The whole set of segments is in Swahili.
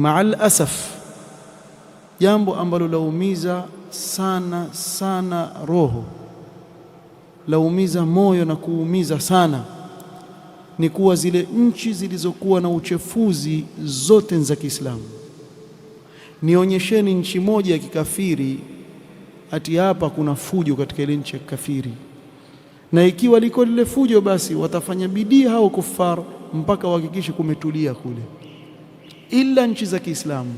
maal asaf, jambo ambalo laumiza sana sana roho, laumiza moyo na kuumiza sana, ni kuwa zile nchi zilizokuwa na uchefuzi zote za Kiislamu. Nionyesheni nchi moja ya kikafiri ati hapa kuna fujo katika ile nchi ya kikafiri, na ikiwa liko lile fujo, basi watafanya bidii hao kufar mpaka wahakikishe kumetulia kule ila nchi za Kiislamu,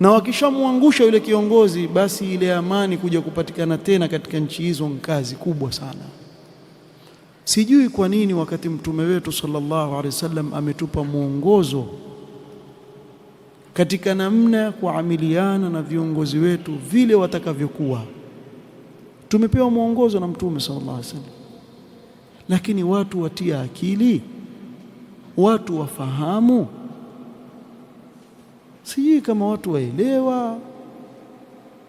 na wakishamwangusha yule kiongozi, basi ile amani kuja kupatikana tena katika nchi hizo ni kazi kubwa sana. Sijui kwa nini wakati mtume wetu sallallahu alaihi wasallam ametupa mwongozo katika namna ya kuamiliana na viongozi wetu vile watakavyokuwa. Tumepewa mwongozo na mtume sallallahu alaihi wasallam, lakini watu watia akili, watu wafahamu Sijui kama watu waelewa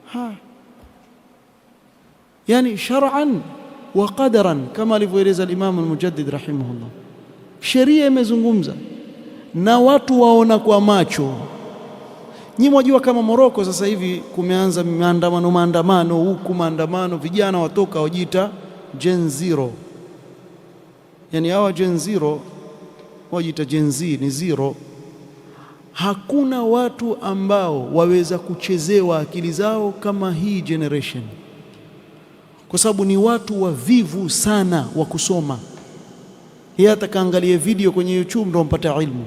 ha. Yani shar'an wa qadaran, kama alivyoeleza al-Mujaddid rahimahullah, sheria imezungumza na watu waona kwa macho. Nyi mwajua kama Moroko sasa hivi kumeanza maandamano, maandamano huku maandamano, vijana watoka wajiita Gen Zero, yani hawa Gen Zero wajiita Gen Z ni zero hakuna watu ambao waweza kuchezewa akili zao kama hii generation, kwa sababu ni watu wavivu sana wa kusoma. Yeye atakaangalie video kwenye YouTube ndo mpata ilmu.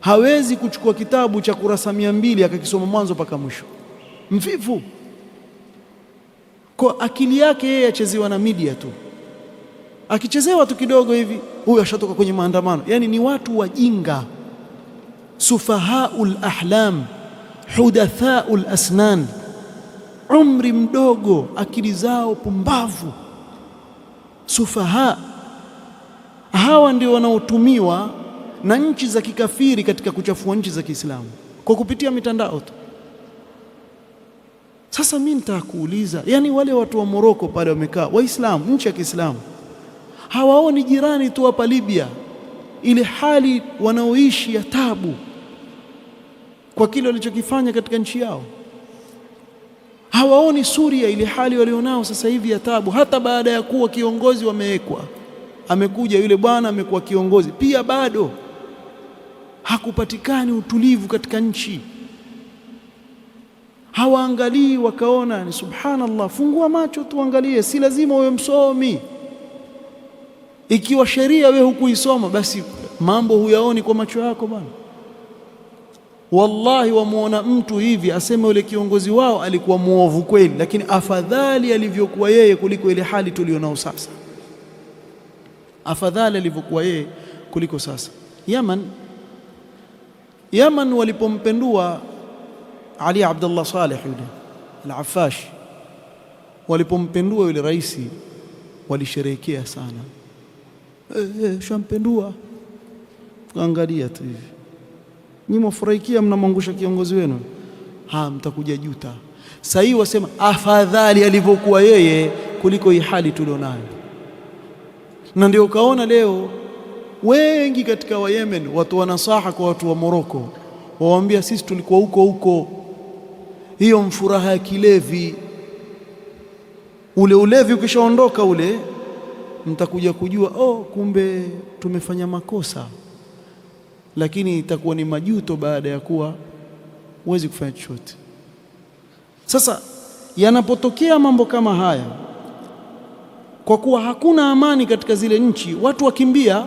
Hawezi kuchukua kitabu cha kurasa mia mbili akakisoma mwanzo mpaka mwisho, mvivu kwa akili yake yeye. Achezewa na media tu, akichezewa tu kidogo hivi, huyu ashatoka kwenye maandamano. Yaani ni watu wajinga sufahau lahlam hudathau lasnan, umri mdogo, akili zao pumbavu. Sufaha hawa ndio wanaotumiwa na nchi za kikafiri katika kuchafua nchi za Kiislamu kwa kupitia mitandao tu. Sasa mimi nitakuuliza, yani wale watu wa Moroko pale wamekaa Waislamu, nchi ya Kiislamu, hawaoni jirani tu hapa Libya ile hali wanaoishi ya tabu kwa kile walichokifanya katika nchi yao. Hawaoni Suria ile hali walionao sasa hivi ya tabu. Hata baada ya kuwa kiongozi wamewekwa, amekuja yule bwana amekuwa kiongozi pia, bado hakupatikani utulivu katika nchi. Hawaangalii wakaona, ni subhanallah. Fungua macho tuangalie, si lazima uwe msomi. Ikiwa sheria we hukuisoma, basi mambo huyaoni kwa macho yako bwana. Wallahi, wamwona mtu hivi aseme yule kiongozi wao alikuwa mwovu kweli, lakini afadhali alivyokuwa yeye kuliko ile hali tulionao sasa, afadhali alivyokuwa yeye kuliko sasa. Yaman, Yaman walipompendua Ali Abdullah Saleh yule Al-Affash, walipompendua yule rais walisherehekea sana. E, e, shampendua, angalia tu hivi Nyinyi mwafurahikia mnamwangusha kiongozi wenu, ha, mtakuja juta. Sasa hii wasema afadhali alivyokuwa yeye kuliko hii hali tulionayo, na ndio ukaona leo wengi katika wa Yemen watu wanasaha kwa watu wa Moroko, wawaambia sisi tulikuwa huko huko, hiyo mfuraha ya kilevi ule ulevi ukishaondoka ule, mtakuja kujua oh, kumbe tumefanya makosa lakini itakuwa ni majuto baada ya kuwa huwezi kufanya chochote. Sasa yanapotokea mambo kama haya, kwa kuwa hakuna amani katika zile nchi, watu wakimbia,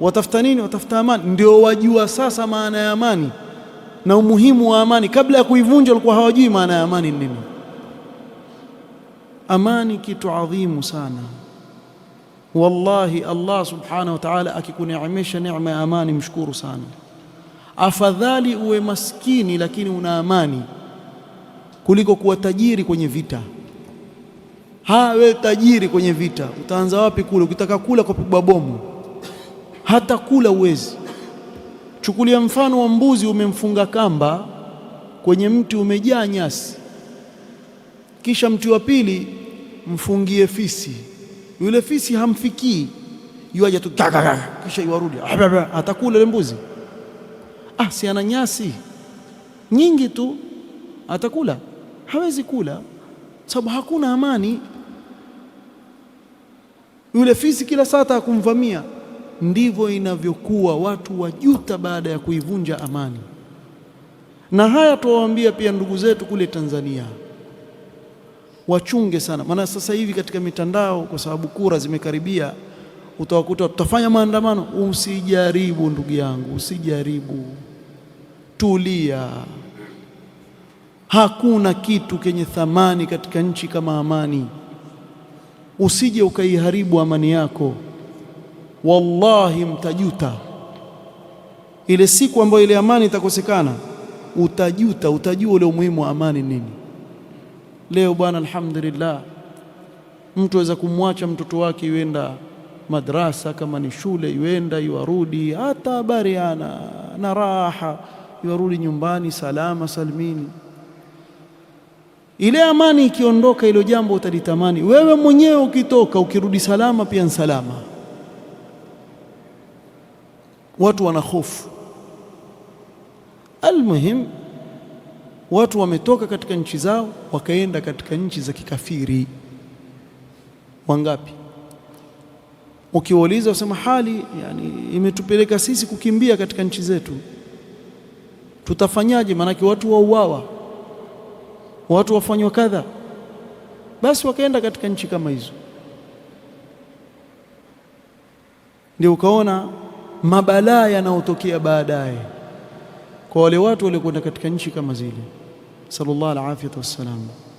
watafuta nini? Watafuta amani. Ndio wajua sasa maana ya amani na umuhimu wa amani. Kabla ya kuivunja walikuwa hawajui maana ya amani nini. Amani kitu adhimu sana. Wallahi, Allah subhanahu wa ta'ala akikuneemesha neema ya amani, mshukuru sana. Afadhali uwe maskini lakini una amani kuliko kuwa tajiri kwenye vita. Ha, we tajiri kwenye vita, utaanza wapi kule Ukitaka kula kwa pigwa bomu, hata kula uwezi. Chukulia mfano wa mbuzi, umemfunga kamba kwenye mti umejaa nyasi, kisha mti wa pili mfungie fisi yule fisi hamfikii, yuaja tu kisha yuarudi, atakula ile mbuzi. Ah, si ana nyasi nyingi tu, atakula? Hawezi kula, sababu hakuna amani. Yule fisi kila saa atakumvamia. Ndivyo inavyokuwa, watu wajuta baada ya kuivunja amani. Na haya tuwaambia pia ndugu zetu kule Tanzania wachunge sana, maana sasa hivi katika mitandao, kwa sababu kura zimekaribia, utawakuta tutafanya maandamano. Usijaribu ndugu yangu, usijaribu, tulia. Hakuna kitu kenye thamani katika nchi kama amani. Usije ukaiharibu amani yako, wallahi mtajuta. Ile siku ambayo ile amani itakosekana, utajuta, utajua ule umuhimu wa amani nini. Leo bwana, alhamdulillah, mtu aweza kumwacha mtoto wake yuenda madrasa, kama ni shule yuenda yuarudi, hata bariana na raha, yuarudi nyumbani salama salmini Ile amani ikiondoka, ilo jambo utalitamani wewe mwenyewe, ukitoka ukirudi salama pia nsalama. Watu wana hofu, almuhim watu wametoka katika nchi zao wakaenda katika nchi za kikafiri. Wangapi? Ukiwauliza usema hali yani, imetupeleka sisi kukimbia katika nchi zetu, tutafanyaje? Maanake watu wauawa, watu wafanywa kadha. Basi wakaenda katika nchi kama hizo, ndio ukaona mabalaa yanayotokea baadaye kwa wale watu waliokwenda katika nchi kama zile. نسأل الله العافية والسلامة